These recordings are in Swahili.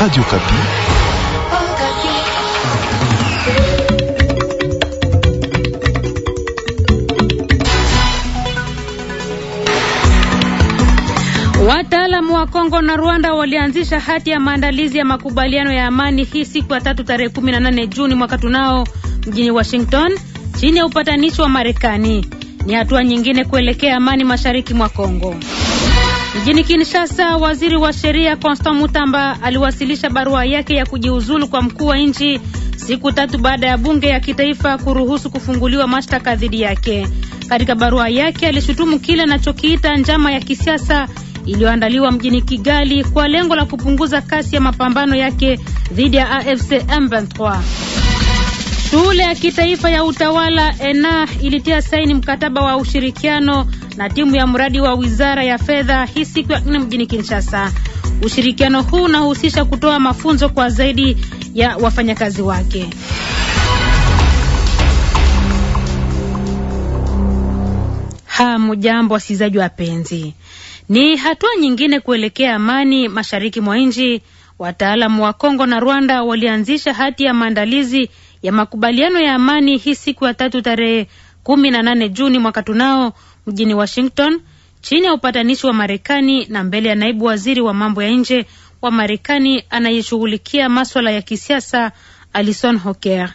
Radio Kapi. Wataalamu wa Kongo na Rwanda walianzisha hati ya maandalizi ya makubaliano ya amani hii siku ya tatu tarehe 18 Juni mwaka tunao mjini Washington chini ya upatanishi wa Marekani. Ni hatua nyingine kuelekea amani mashariki mwa Kongo. Mjini Kinshasa, waziri wa sheria Constant Mutamba aliwasilisha barua yake ya kujiuzulu kwa mkuu wa nchi siku tatu baada ya bunge ya kitaifa kuruhusu kufunguliwa mashtaka dhidi yake. Katika barua yake alishutumu kile anachokiita njama ya kisiasa iliyoandaliwa mjini Kigali kwa lengo la kupunguza kasi ya mapambano yake dhidi ya AFC M23. Shule ya kitaifa ya utawala ENA ilitia saini mkataba wa ushirikiano na timu ya mradi wa Wizara ya Fedha hii siku ya nne mjini Kinshasa. Ushirikiano huu unahusisha kutoa mafunzo kwa zaidi ya wafanyakazi wake. Hamujambo wasikilizaji wapenzi, ni hatua nyingine kuelekea amani mashariki mwa nchi. Wataalamu wa Kongo na Rwanda walianzisha hati ya maandalizi ya makubaliano ya amani hii siku ya tatu tarehe kumi na nane Juni mwaka tunao mjini Washington chini ya upatanishi wa Marekani na mbele ya naibu waziri wa mambo ya nje wa Marekani anayeshughulikia maswala ya kisiasa Alison Hoker.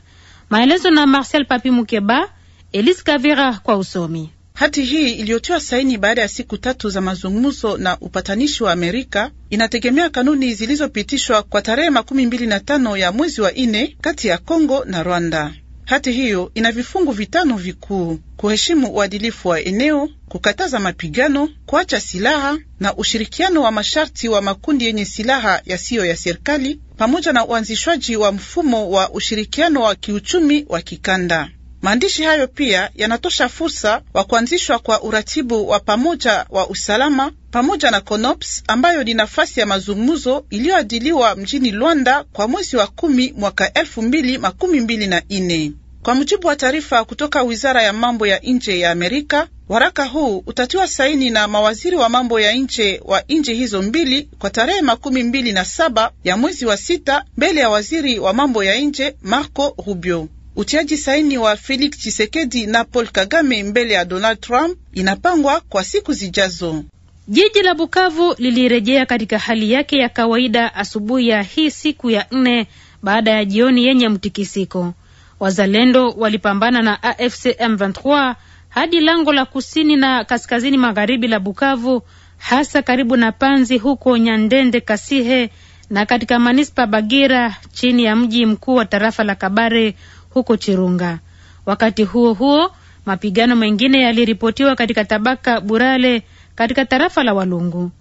Maelezo na Marcel Papi Mukeba, Elise Kavira kwa usomi. Hati hii iliyotiwa saini baada ya siku tatu za mazungumzo na upatanishi wa Amerika inategemea kanuni zilizopitishwa kwa tarehe makumi mbili na tano ya mwezi wa nne kati ya congo na Rwanda. Hati hiyo ina vifungu vitano vikuu: kuheshimu uadilifu wa eneo, kukataza mapigano, kuacha silaha na ushirikiano wa masharti wa makundi yenye silaha yasiyo ya serikali, pamoja na uanzishwaji wa mfumo wa ushirikiano wa kiuchumi wa kikanda. Maandishi hayo pia yanatosha fursa wa kuanzishwa kwa uratibu wa pamoja wa usalama pamoja na CONOPS ambayo ni nafasi ya mazungumzo iliyoadiliwa mjini Luanda kwa mwezi wa kumi mwaka elfu mbili makumi mbili na nne. Kwa mujibu wa taarifa kutoka wizara ya mambo ya nje ya Amerika, waraka huu utatiwa saini na mawaziri wa mambo ya nje wa nchi hizo mbili kwa tarehe makumi mbili na saba ya mwezi wa sita mbele ya waziri wa mambo ya nje Marco Rubio. Utiaji saini wa Felix chisekedi na Paul Kagame mbele ya Donald Trump inapangwa kwa siku zijazo. Jiji la Bukavu lilirejea katika hali yake ya kawaida asubuhi ya hii siku ya nne baada ya jioni yenye mtikisiko. Wazalendo walipambana na AFC M23 hadi lango la kusini na kaskazini magharibi la Bukavu, hasa karibu na Panzi huko Nyandende, Kasihe na katika manispa Bagira chini ya mji mkuu wa tarafa la Kabare huko Chirunga. Wakati huo huo, mapigano mengine yaliripotiwa katika tabaka Burale katika tarafa la Walungu.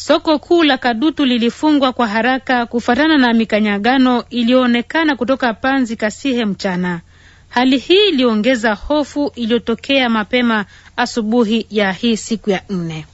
Soko kuu la Kadutu lilifungwa kwa haraka kufuatana na mikanyagano iliyoonekana kutoka Panzi Kasihe mchana. Hali hii iliongeza hofu iliyotokea mapema asubuhi ya hii siku ya nne.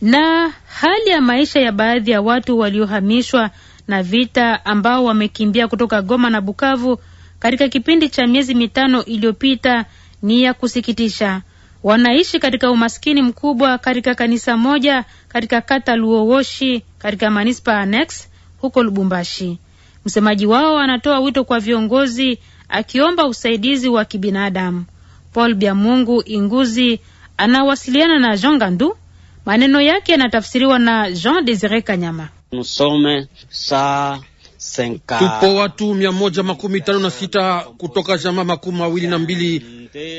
Na hali ya maisha ya baadhi ya watu waliohamishwa na vita ambao wamekimbia kutoka Goma na Bukavu katika kipindi cha miezi mitano iliyopita ni ya kusikitisha wanaishi katika umaskini mkubwa katika kanisa moja katika kata Luowoshi katika manispa Annex huko Lubumbashi. Msemaji wao anatoa wito kwa viongozi akiomba usaidizi wa kibinadamu. Paul Byamungu Inguzi anawasiliana na Jean Gandu. Maneno yake yanatafsiriwa na Jean Desire Kanyama. Senka. Tupo watu mia moja makumi tano na sita kutoka jamaa makumi mawili na mbili.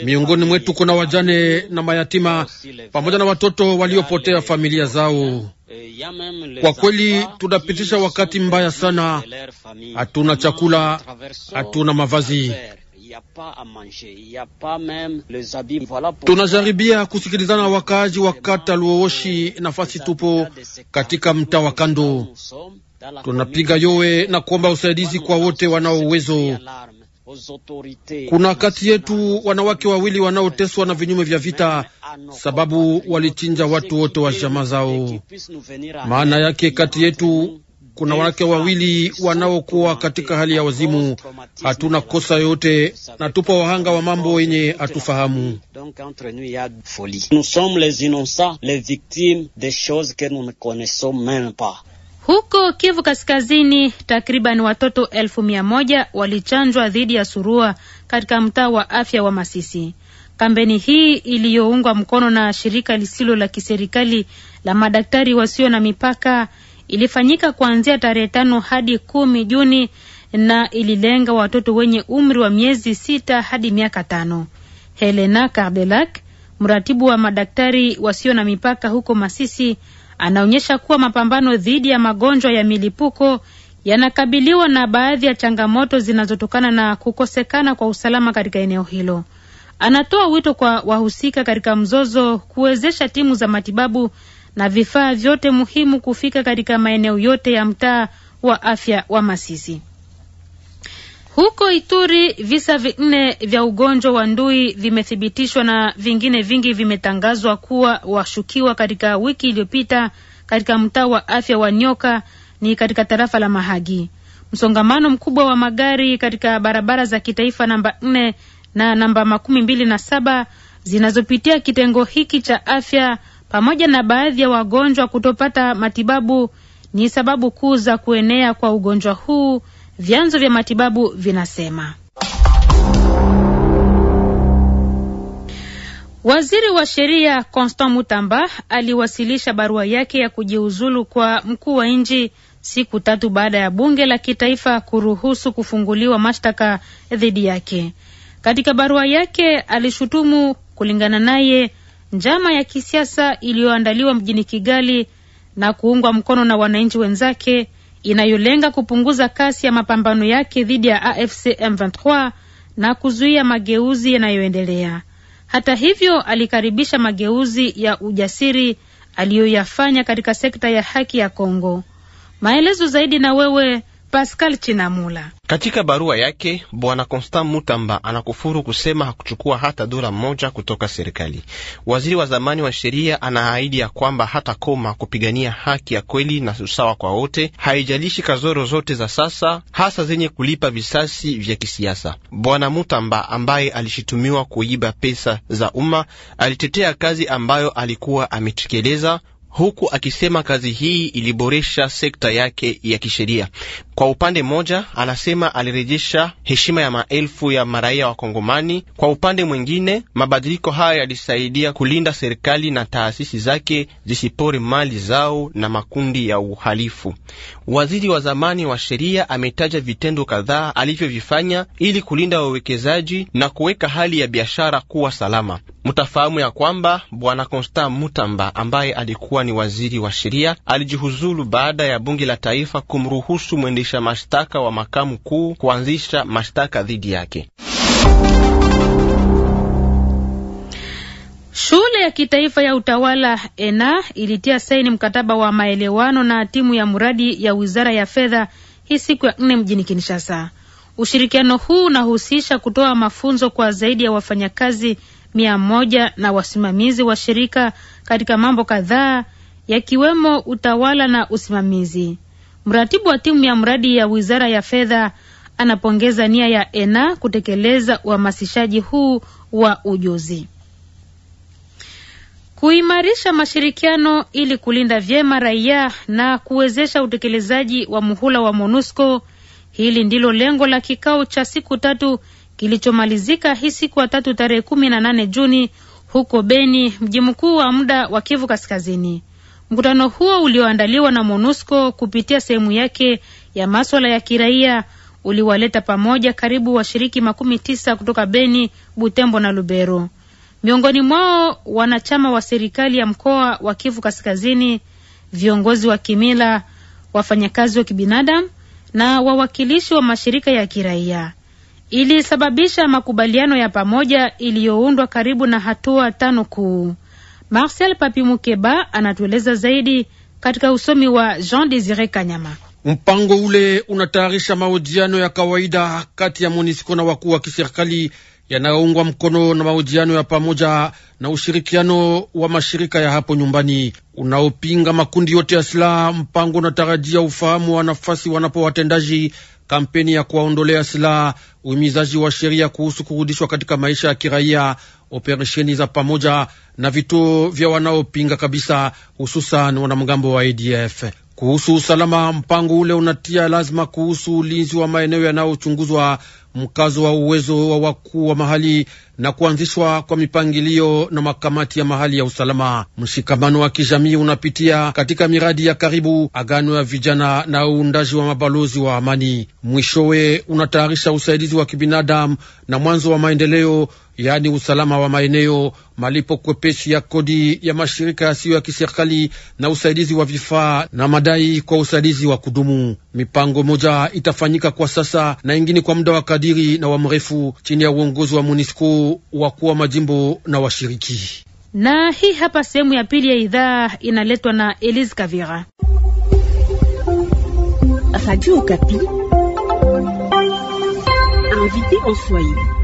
Miongoni mwetu kuna wajane na mayatima pamoja na watoto waliopotea familia zao. Kwa kweli tunapitisha wakati mbaya sana, hatuna chakula, hatuna mavazi. Tunajaribia kusikilizana wakaaji wa kata Luooshi, nafasi tupo katika mtaa wa kando Tunapiga yowe na kuomba usaidizi kwa wote wanao uwezo. Kuna kati yetu wanawake wawili wanaoteswa na vinyume vya vita, sababu walichinja watu wote wa jamaa zao. Maana yake kati yetu kuna wanawake wawili wanaokuwa katika hali ya wazimu. Hatuna kosa yoyote na tupo wahanga wa mambo yenye hatufahamu. Huko Kivu Kaskazini, takriban watoto elfu mia moja walichanjwa dhidi ya surua katika mtaa wa afya wa Masisi. Kampeni hii iliyoungwa mkono na shirika lisilo la kiserikali la madaktari wasio na mipaka ilifanyika kuanzia tarehe tano hadi kumi Juni na ililenga watoto wenye umri wa miezi sita hadi miaka tano. Helena Cardelac, mratibu wa madaktari wasio na mipaka huko Masisi, anaonyesha kuwa mapambano dhidi ya magonjwa ya milipuko yanakabiliwa na baadhi ya changamoto zinazotokana na kukosekana kwa usalama katika eneo hilo. Anatoa wito kwa wahusika katika mzozo kuwezesha timu za matibabu na vifaa vyote muhimu kufika katika maeneo yote ya mtaa wa afya wa Masisi. Huko Ituri visa vinne vya ugonjwa wa ndui vimethibitishwa na vingine vingi vimetangazwa kuwa washukiwa katika wiki iliyopita katika mtaa wa afya wa Nyoka ni katika tarafa la Mahagi. Msongamano mkubwa wa magari katika barabara za kitaifa namba nne na namba makumi mbili na saba zinazopitia kitengo hiki cha afya pamoja na baadhi ya wagonjwa kutopata matibabu ni sababu kuu za kuenea kwa ugonjwa huu vyanzo vya matibabu vinasema. Waziri wa sheria Constant Mutamba aliwasilisha barua yake ya kujiuzulu kwa mkuu wa nchi siku tatu baada ya bunge la kitaifa kuruhusu kufunguliwa mashtaka dhidi yake. Katika barua yake alishutumu, kulingana naye, njama ya kisiasa iliyoandaliwa mjini Kigali na kuungwa mkono na wananchi wenzake inayolenga kupunguza kasi ya mapambano yake dhidi ya AFC M23 na kuzuia mageuzi yanayoendelea. Hata hivyo, alikaribisha mageuzi ya ujasiri aliyoyafanya katika sekta ya haki ya Kongo. Maelezo zaidi na wewe Pascal Chinamula. Katika barua yake bwana Constant Mutamba anakufuru kusema hakuchukua hata dola moja kutoka serikali. Waziri wa zamani wa sheria anaahidi ya kwamba hata koma kupigania haki ya kweli na usawa kwa wote, haijalishi kazoro zote za sasa, hasa zenye kulipa visasi vya kisiasa. Bwana Mutamba ambaye alishitumiwa kuiba pesa za umma alitetea kazi ambayo alikuwa ametekeleza huku akisema kazi hii iliboresha sekta yake ya kisheria. Kwa upande mmoja, anasema alirejesha heshima ya maelfu ya maraia wa Kongomani. Kwa upande mwingine, mabadiliko haya yalisaidia kulinda serikali na taasisi zake zisipore mali zao na makundi ya uhalifu. Waziri wa zamani wa sheria ametaja vitendo kadhaa alivyovifanya ili kulinda wawekezaji na kuweka hali ya biashara kuwa salama. Mtafahamu ya kwamba bwana Constant Mutamba ambaye alikuwa ni waziri wa sheria alijihuzulu baada ya bunge la taifa kumruhusu mwendesha mashtaka wa makamu kuu kuanzisha mashtaka dhidi yake. Shule ya kitaifa ya utawala ENA ilitia saini mkataba wa maelewano na timu ya mradi ya wizara ya fedha hii siku ya nne mjini Kinshasa. Ushirikiano huu unahusisha kutoa mafunzo kwa zaidi ya wafanyakazi mia moja na wasimamizi wa shirika katika mambo kadhaa yakiwemo utawala na usimamizi. Mratibu wa timu ya mradi ya wizara ya fedha anapongeza nia ya ENA kutekeleza uhamasishaji huu wa ujuzi. Kuimarisha mashirikiano ili kulinda vyema raia na kuwezesha utekelezaji wa muhula wa MONUSCO. Hili ndilo lengo la kikao cha siku tatu kilichomalizika hii siku ya tatu tarehe kumi na nane Juni huko Beni, mji mkuu wa muda wa Kivu Kaskazini. Mkutano huo ulioandaliwa na MONUSCO kupitia sehemu yake ya maswala ya kiraia uliwaleta pamoja karibu washiriki makumi tisa kutoka Beni, Butembo na Lubero. Miongoni mwao wanachama wa serikali ya mkoa wa Kivu Kaskazini, viongozi wa kimila, wafanyakazi wa kibinadamu na wawakilishi wa mashirika ya kiraia ilisababisha makubaliano ya pamoja iliyoundwa karibu na hatua tano kuu. Marcel Papi Mukeba anatueleza zaidi katika usomi wa Jean Desire Kanyama. Mpango ule unatayarisha mahojiano ya kawaida kati ya MONUSCO na wakuu wa kiserikali yanayoungwa mkono na mahojiano ya pamoja na ushirikiano wa mashirika ya hapo nyumbani unaopinga makundi yote ya silaha. Mpango unatarajia ufahamu wa nafasi wanapo watendaji kampeni ya kuwaondolea silaha, uhimizaji wa sheria kuhusu kurudishwa katika maisha ya kiraia, operesheni za pamoja na vituo vya wanaopinga kabisa, hususan wanamgambo wa ADF. Kuhusu usalama, mpango ule unatia lazima kuhusu ulinzi wa maeneo yanayochunguzwa mkazo wa uwezo wa wakuu wa mahali na kuanzishwa kwa mipangilio na makamati ya mahali ya usalama. Mshikamano wa kijamii unapitia katika miradi ya karibu, agano ya vijana na uundaji wa mabalozi wa amani. Mwishowe unatayarisha usaidizi wa kibinadamu na mwanzo wa maendeleo yaani usalama wa maeneo, malipo kwepeshi ya kodi ya mashirika yasiyo ya kiserikali na usaidizi wa vifaa na madai kwa usaidizi wa kudumu. Mipango moja itafanyika kwa sasa na ingine kwa muda wa kadiri na wa mrefu chini ya uongozi wa MONUSCO, wakuu wa majimbo na washiriki. Na hii hapa sehemu ya pili ya idhaa inaletwa na Elise Kavira. Radio Okapi. Invité en Swahili.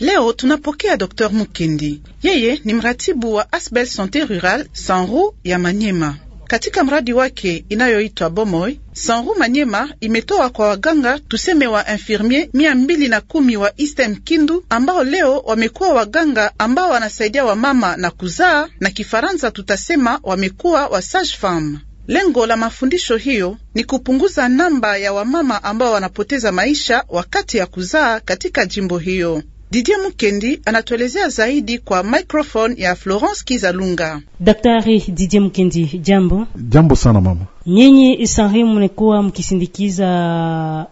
Leo tunapokea Dr. Mukindi. Yeye ni mratibu wa Asbel santé Rural Sanru ya Manyema. Katika mradi wake inayoitwa Bomoi, Sanru Manyema imetoa kwa waganga tuseme wa infirmier mia mbili na kumi wa Eastern Kindu ambao leo wamekuwa waganga ambao wanasaidia wamama na kuzaa, na Kifaransa tutasema wamekuwa wa sage femme. Lengo la mafundisho hiyo ni kupunguza namba ya wamama ambao wanapoteza maisha wakati ya kuzaa katika jimbo hiyo. Didier Mukendi anatuelezea zaidi kwa microphone ya Florence Kizalunga. Daktari Didier Mukendi, jambo. Jambo sana mama. Nyinyi Isanrimu mlikuwa mkisindikiza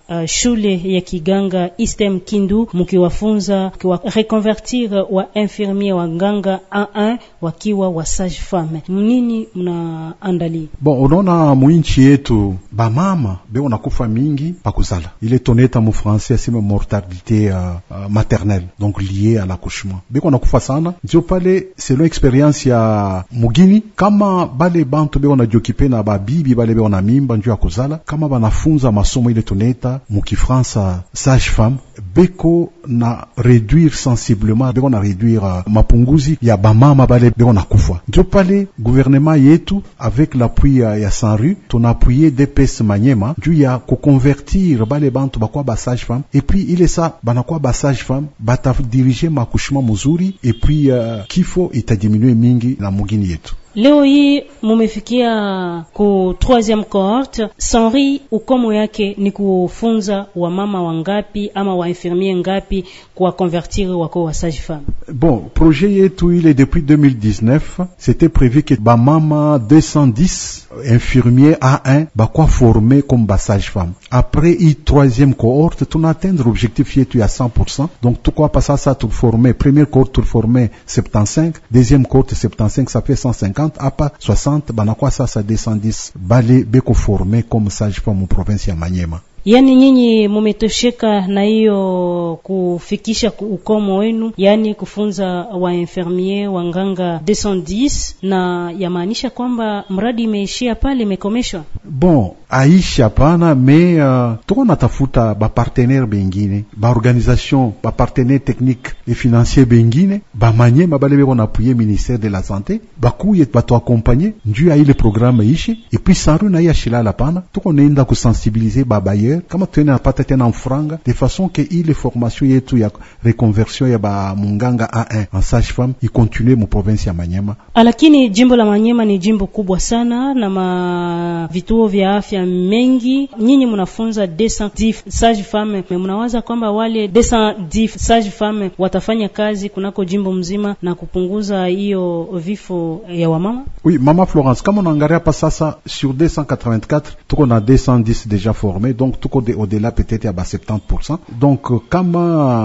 uh, shule ya kiganga Istem Kindu mkiwafunza kwa reconvertir wa infirmier wa nganga A1 wakiwa wa sage femme, mnini mnaandalia? Bon, unaona mwinchi yetu bamama be nakufa mingi kuzala. ile toneta mu français asema mortalité uh, uh, maternelle donc lié à l'accouchement, Be nakufa sana, ndio pale selon experience ya mugini, kama bale bantu be najiokipe na babibi bale beona mimba njo ya kozala kama banafunza masomo ile tuneta mukifransa sage femme beko na réduire sensiblement beko na réduire euh, mapunguzi ya bamama bale beko na kufa. Ndio pale gouvernement yetu avec l'appui ya, euh, ya Sanru tunaapuye DPS Manyema njuu ya kukonvertir bale bantu bakwa ba sage femme et puis ile sa banakuwa ba sage femme batadirige makushima muzuri et puis uh, kifo itadiminue mingi na mugini yetu. Leo hii mumefikia ku 3e cohorte. Sanri ukomo yake ni kufunza wamama wangapi ama wainfirmier ngapi kuwakonvertir wako wa sage femme? Bon, projet yetu ile depuis 2019 c'était prévu que bamama 210 infirmier A1 bah, quoi formé comme bah, sage-femme après i troisième cohorte vas atteindre objectif y à 100% donc quoi ça, ça, tu formé première cohorte tu formé 75 deuxième cohorte 75 ça fait 150 pas 60 ça, quoi ça Bah les bale beko formé comme sage-femme au province ya Yaani nyinyi mumetosheka na hiyo kufikisha ukomo wenu, yaani kufunza wa wa nganga 210 na yamaanisha kwamba mradi imeishia pale, imekomeshwa? Bon, aishi hapana, me uh, tuko natafuta bapartenere bengine baorganisation bapartenere technique et financier bengine bamanye bale beko na apuye ministère de la santé bakuye batoakompanye njuu ya ile programme ishe epuis sanru na iya shilala pana, tuko naenda kusensibiliser babaye extérieur kama tunaapata tena mfuranga de façon que ile formation yetu ya reconversion ya ba munganga A1 en sage femme continue mu province ya Manyema. Alakini, ah, jimbo la Manyema ni jimbo kubwa sana na ma vituo vya afya mengi. Nyinyi munafunza 210 sage femme, mnawaza kwamba wale 210 sage femme watafanya kazi kunako jimbo mzima na kupunguza hiyo vifo ya wamama? Oui, mama Florence, kama unaangalia pa sasa sur 284 tuko na 210 déjà formés donc tuko au delà peut-être à 70%. Donc kama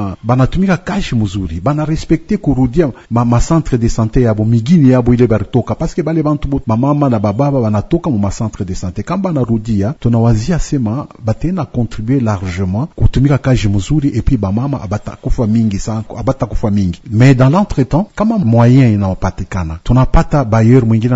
euh, banatumika kashi muzuri bana respecte kurudia ma, ma centre de santé à ah, Bomigini, à ah, yabo ile baritoka paske bale bantu bote mamama na bababa banatoka bah, mu ma centre de santé kama banarudia, tunawazia sema batena contribuer largement kutumika kashi muzuri et puis abata abatakufa mingi abata abatakufa mingi mais dans l'entretemps kama moyen inaopatikana tunapata bailleur mwingine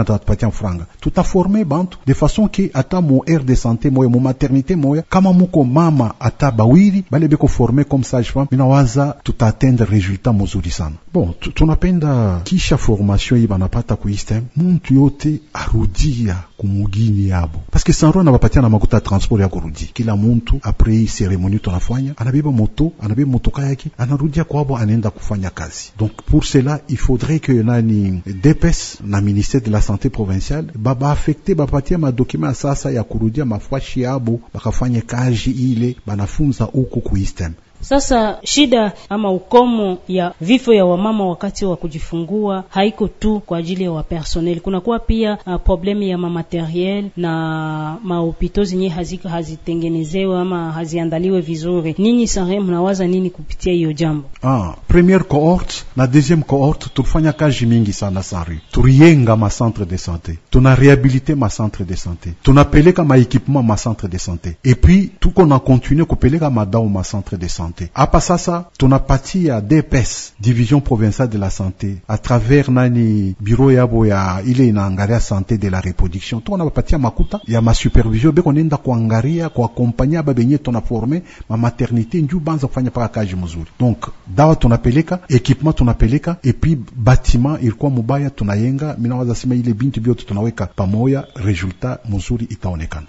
Tout a formé, bantu de façon à ta mon aire de santé moya mon maternité moya comment kama muko mama ata bawili bale beko forme comme sage femme, minawaza tutaatendre resultat muzuri sana. Bon, tunapenda kisha formation hii banapata kuistem, muntu yote arudia kumugini yabo, paske sanro anabapatia na makuta ya transport ya kurudi. Kila muntu apres hii seremoni tunafanya, anabeba moto, anabeba motoka yake, anarudia kwabo, anaenda kufanya kazi. Donc pour cela il faudrait que nani DPS na ministère de la santé provinciale baba affecte bapatia madokume ya sasa ya kurudia mafwashi yabo bakafanye kazi aji ile banafunza huku kuistem sasa shida ama ukomo ya vifo ya wamama wakati wa kujifungua haiko tu kwa ajili ya wapersonel, kunakuwa pia uh, problemu ya mamateriel na mahopito zenye hazitengenezewe ama haziandaliwe vizuri. Ninyi sare mnawaza nini kupitia hiyo jambo? Ah, premiere cohorte na deuxième cohorte tulifanya kazi mingi sana sare, turiyenga ma centre de santé, tuna rehabilite ma centre de santé, tunapeleka ma equipement ma centre de santé, et puis tuko na continue kupeleka madao ma centre de santé santé. Hapa sasa tunapatia DPS, division provinciale de la santé, a travers nani biro yabo ya ile inaangalia santé de la reproduction, tuko napatia makuta ya masupervision beko nenda kuangalia kuakompanya benye tunaforme ma maternité njuu banza kufanya paka kazi mzuri. Donc dawa tunapeleka, equipement tunapeleka, epi bâtiment ilikuwa mubaya tunayenga. Minawaza sema ile bintu biote tunaweka pamoya, resultat mzuri itaonekana.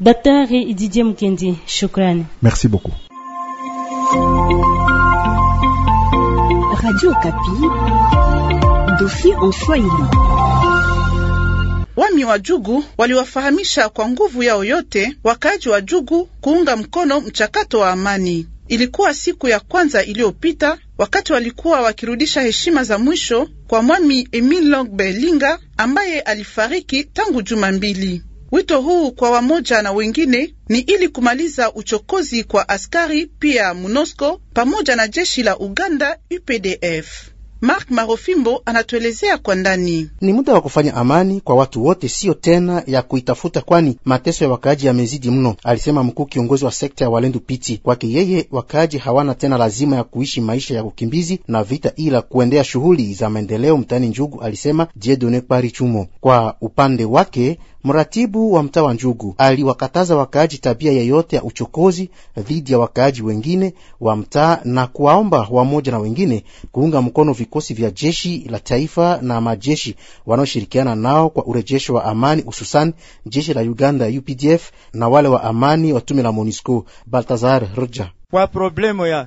Daktari Didier Mukendi, shukrani. Merci beaucoup. Radio en Swahili. Wami wa Jugu waliwafahamisha kwa nguvu yao yote wakaaji wa Jugu kuunga mkono mchakato wa amani. Ilikuwa siku ya kwanza iliyopita wakati walikuwa wakirudisha heshima za mwisho kwa Mwami Emil Longbe Linga ambaye alifariki tangu juma mbili. Wito huu kwa wamoja na wengine ni ili kumaliza uchokozi kwa askari pia MONUSCO pamoja na jeshi la Uganda UPDF. Mark Marofimbo anatuelezea kwa ndani. Ni muda wa kufanya amani kwa watu wote, siyo tena ya kuitafuta, kwani mateso ya wakaaji yamezidi mno, alisema mkuu kiongozi wa sekta ya Walendu Piti. Kwake yeye, wakaaji hawana tena lazima ya kuishi maisha ya ukimbizi na vita, ila kuendea shughuli za maendeleo mtaani Njugu, alisema Jedone Pari Chumo. Kwa upande wake Mratibu wa mtaa wa Njugu aliwakataza wakaaji tabia yeyote ya uchokozi dhidi ya wakaaji wengine wa mtaa na kuwaomba wamoja na wengine kuunga mkono vikosi vya jeshi la taifa na majeshi wanaoshirikiana nao kwa urejesho wa amani, hususan jeshi la Uganda UPDF na wale wa amani wa tume la MONUSCO. Baltazar Roger kwa probleme ya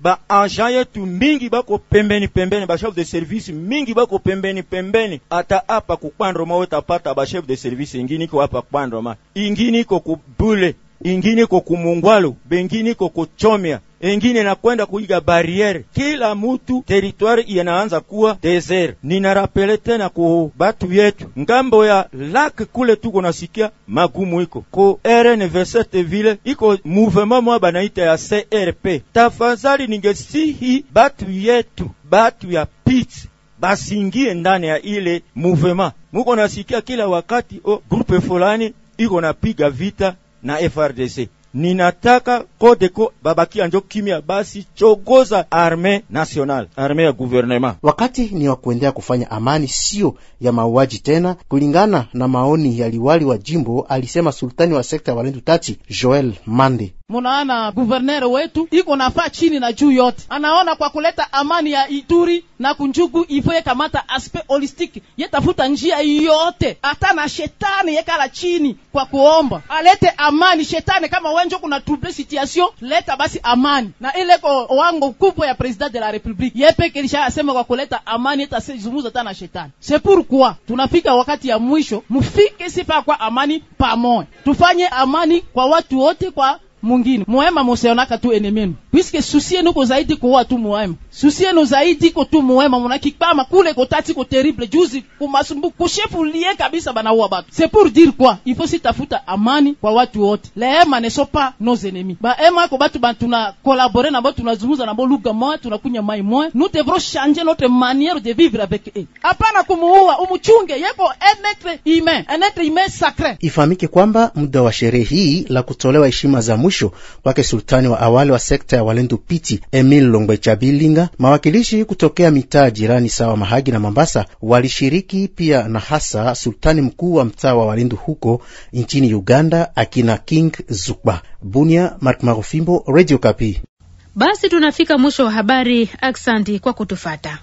ba baagent yetu mingi bako pembeni pembeni, bashef de service mingi bako pembeni pembeni. Ata apa kukwandroma wetapata bashef de service ingini iko apa kwandroma, ingini ko kubule ingine iko kumungwalo bengine iko kuchomea engine nakwenda kuiga barriere. Kila mutu teritwari yanaanza kuwa desert. Ninarapele tena ku batu yetu ngambo ya lake kule, tuko nasikia magumu iko ko RN27 vile iko mouvement mwa banaita ya CRP. Tafadhali ningesihi batu yetu, batu ya piti basingie ndani ya ile mouvement. Muko nasikia kila wakati o grupe fulani iko napiga vita na FRDC ninataka Kodeko babakia njo kimya basi, chogoza arme national arme ya guvernema. Wakati ni wa kuendelea kufanya amani, sio ya mauaji tena, kulingana na maoni ya liwali wa jimbo, alisema sultani wa sekta ya Walendu Tati Joel Mande munaona guverner wetu iko nafaa chini na juu yote, anaona kwa kuleta amani ya Ituri na Kunjugu ifo yekamata aspect holistique, yetafuta njia yote, hata na shetani yekala chini kwa kuomba alete amani. Shetani kama wenjo kuna trouble situation, leta basi amani, na ile ko wango kubwa ya president de la republique yepeke asema kwa kuleta amani, yetazumuza hata na shetani. C'est pourquoi tunafika wakati ya mwisho, mufike sipa kwa amani pamoja, tufanye amani kwa watu wote kwa mungine mwema musionaka tu enemenu puisque susi yenu kozaidi kuwa tu muema susi yenu zaidi ko tu muema munakikpama kule kotati ko terrible juzi kumasumbu kushefulie kabisa banauwa batu c'est pour dire quoi il faut sitafuta amani kwa watu wote lehema ne sont pas nos ennemis bahema ko batu batuna collaborer nabo tunazungumza nabo luga moya tunakunya mai moya nous devrons changer notre manière de vivre avec eux apana kumuua umuchunge yeko un être humain un être humain sacré ifahamike kwamba muda wa sherehe hii la kutolewa heshima za mwisho kwake sultani wa awali wa sekta ya Walendu Piti, Emil Longwe Chabilinga. Mawakilishi kutokea mitaa jirani sawa Mahagi na Mambasa walishiriki pia, na hasa sultani mkuu wa mtaa wa Walendu huko nchini Uganda, akina King Zukba. Bunia, Mark Marofimbo, Radio Kapi. Basi tunafika mwisho wa habari. Aksanti kwa kutufata.